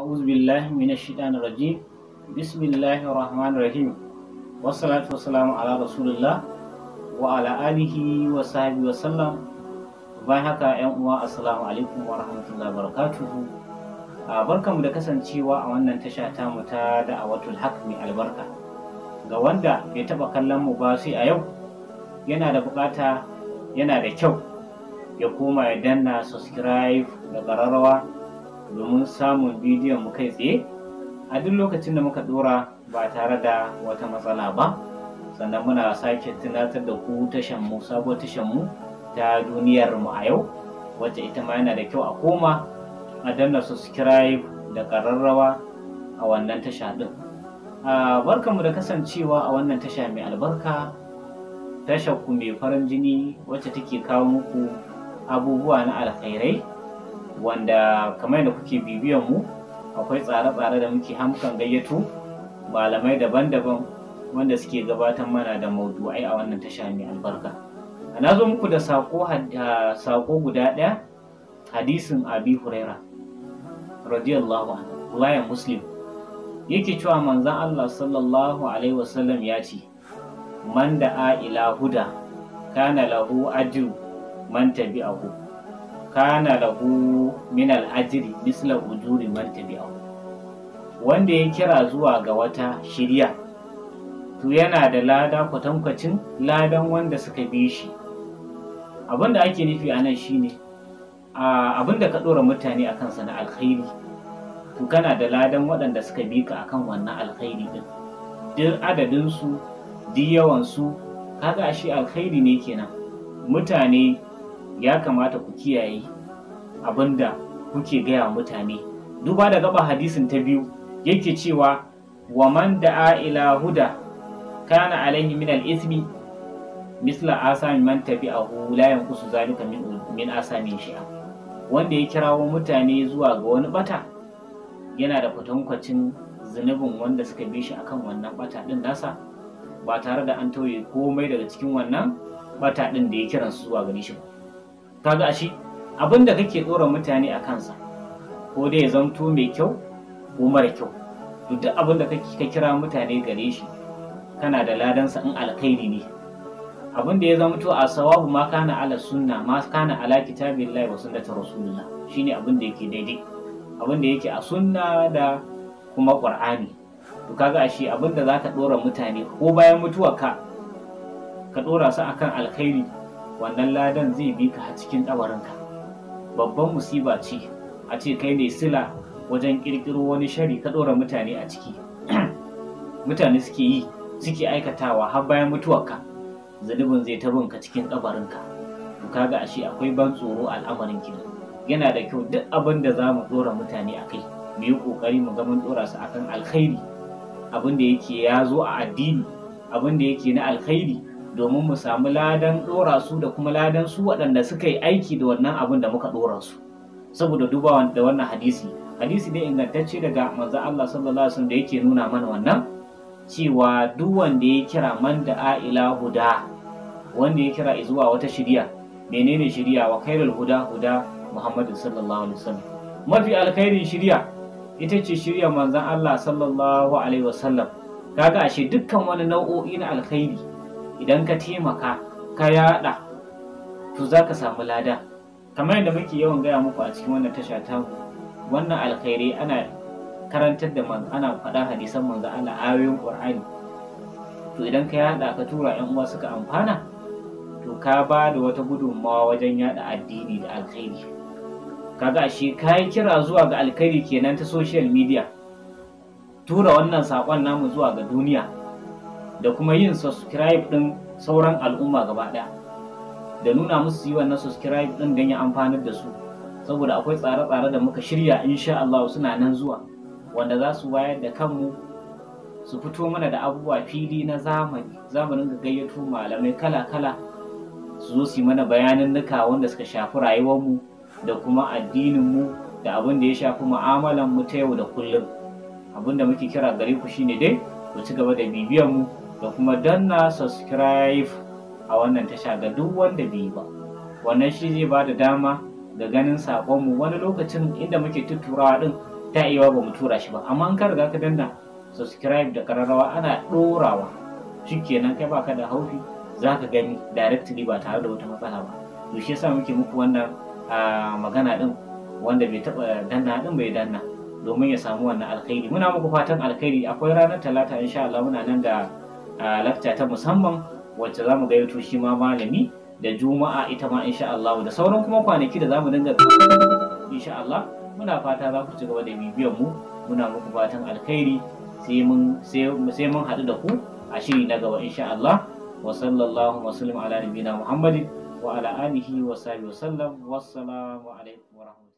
أعوذ بالله من الشيطان الرجيم بسم الله الرحمن الرحيم والصلاة والسلام على رسول الله وعلى آله وصحبه وسلم bayan haka yan uwa assalamu alaikum wa rahmatullahi barakatuhu a barkanmu da kasancewa a wannan tasha ta mu ta da'awatul haq mai albarka ga wanda bai taba kallon mu ba sai a yau yana da bukata yana da kyau ya koma ya danna subscribe da ƙararrawa domin samun bidiyon mu kai tsaye a duk lokacin da muka dora ba tare da wata matsala ba sannan muna sake tunatar da ku tashan mu sabuwar tashan mu ta duniyar mu a yau wacce ita ma yana da kyau a koma a danna subscribe da kararrawa a wannan tasha din mu da kasancewa a wannan tasha mai albarka tashar ku mai farin jini wacce take kawo muku abubuwa na alkhairai wanda kamar yadda kuke bibiyan mu akwai tsare-tsare da muke hamkan gayyato malamai daban-daban wanda suke gabatar mana da maudu'ai a wannan tasha mai albarka na zo muku da saƙo guda ɗaya hadisin abi huraira radiyallahu anhu riwayar muslim yake cewa manzan allah sallallahu alaihi wasallam ya ce man da a ila huda kana lahu ajru man tabi'ahu kana lahu min al'ajiri misla ujuri man wanda ya kira zuwa ga wata shirya to yana da lada kwatankwacin ladan wanda suka bi shi abin da ake nufi a nan shine abin da ka ɗora mutane a kansa na alkhairi to kana da ladan waɗanda suka bi ka akan wannan alkhairi ɗin duk adadinsu duk yawansu kaga shi alkhairi ne kenan mutane ya kamata ku kiyaye abin da kuke gaya mutane duba da gaba hadisin ta biyu yake cewa wa man da ila huda kana alaihi min al-ismi misla asami man a hulayen yanqusu zalika min min shi wanda ya kirawo mutane zuwa ga wani bata yana da kwatankwacin zunubin wanda suka bi shi akan wannan bata din nasa ba tare da an tauye komai daga cikin wannan bata din da ya kiransu zuwa gani shi ba kaga ashe abin da kake ɗora mutane a kansa ko dai ya zamto mai kyau ko mara kyau duk abin da ka kira mutane gare shi kana da ladansa in alkhairi ne abin da ya zamto a sawabu ma kana ala sunna ma kana ala kitabillahi wa sunnati rasulillah shine abin da yake daidai abin da yake a sunna da kuma qur'ani to kaga ashe abin da zaka dora mutane ko bayan mutuwa ka ka dora su akan alkhairi wannan ladan zai bi ka cikin ɗabarinka babban musiba ce a ce kai ne sila wajen ƙirƙiro wani shari ka ɗora mutane a ciki mutane suke yi suke aikatawa har bayan mutuwarka zunubin zai ta ka cikin ɗabarinka to kaga ashe akwai ban tsoro al'amarin ki yana da kyau duk abin da za mu ɗora mutane a kai mu yi ƙoƙari mu ga mun ɗora su akan alkhairi abin da yake ya zo a addini abin da yake na alkhairi domin mu samu ladan ɗora su da kuma ladan su waɗanda suka yi aiki da wannan abin da muka ɗora su saboda duba da wannan hadisi hadisi ne ingantacce daga manzo Allah sallallahu alaihi wasallam da yake nuna mana wannan cewa duk wanda ya kira man da a'ila huda wanda ya kira zuwa wata shiriya menene shiriya wa khairul huda huda Muhammadu sallallahu alaihi wasallam mafi alkhairin shiriya ita ce shiriya manzon Allah sallallahu alaihi wasallam kaga ashe dukkan wani nau'o'i na alkhairi idan ka taimaka ka yaɗa to za ka samu lada kamar yadda muke yawan gaya muku a cikin wannan tasha ta wannan alkhairi ana karantar da man ana faɗa hadisan manzo Allah ayoyin Qur'ani to idan ka yaɗa ka tura ƴan uwa suka amfana to ka ba da wata gudunmawa wajen yada addini da alkhairi kaga shi kayi kira zuwa ga alkhairi kenan ta social media tura wannan saƙon namu zuwa ga duniya da kuma yin subscribe din sauran al'umma gaba ɗaya da nuna musu yi wannan subscribe din don ya amfanar da su saboda akwai tsare-tsare da muka shirya insha Allah suna nan zuwa wanda za su bayar da kanmu su fito mana da abubuwa fili na zamani zamanin ga gayyato malamai kala-kala su zo su mana bayanin nuka wanda suka shafi rayuwarmu da kuma addinin mu da abin da ya shafi mu'amalan mu ta yau da kullum abin da muke kira gare ku shine dai ku ci gaba da bibiyar mu da kuma danna subscribe a wannan tasha ga duk wanda bai ba wannan shi zai ba da dama ga ganin saƙonmu wani lokacin inda muke tuturawa din ta iya ba mu tura shi ba amma an ka riga ka danna subscribe da kararrawa ana ɗorawa shikenan kai baka da haufi za ka gani directly ba tare da wata matsala ba to shi yasa muke muku wannan magana din wanda bai taba danna din bai danna domin ya samu wannan alkhairi muna muku fatan alkhairi akwai ranar talata insha Allah muna nan da lakta ta musamman wacce za mu gayyato shi ma malami da juma'a ita ma insha Allah da sauran kuma kwanaki da za mu dinga insha Allah muna fata za ku ci gaba da bibiyan mu muna muku fatan alkhairi sai mun sai mun haɗu da ku a shiri na gaba insha Allah wa sallallahu wa sallam ala nabiyina Muhammadin wa ala alihi wa sahbihi wa sallam wassalamu alaikum wa rahmatullahi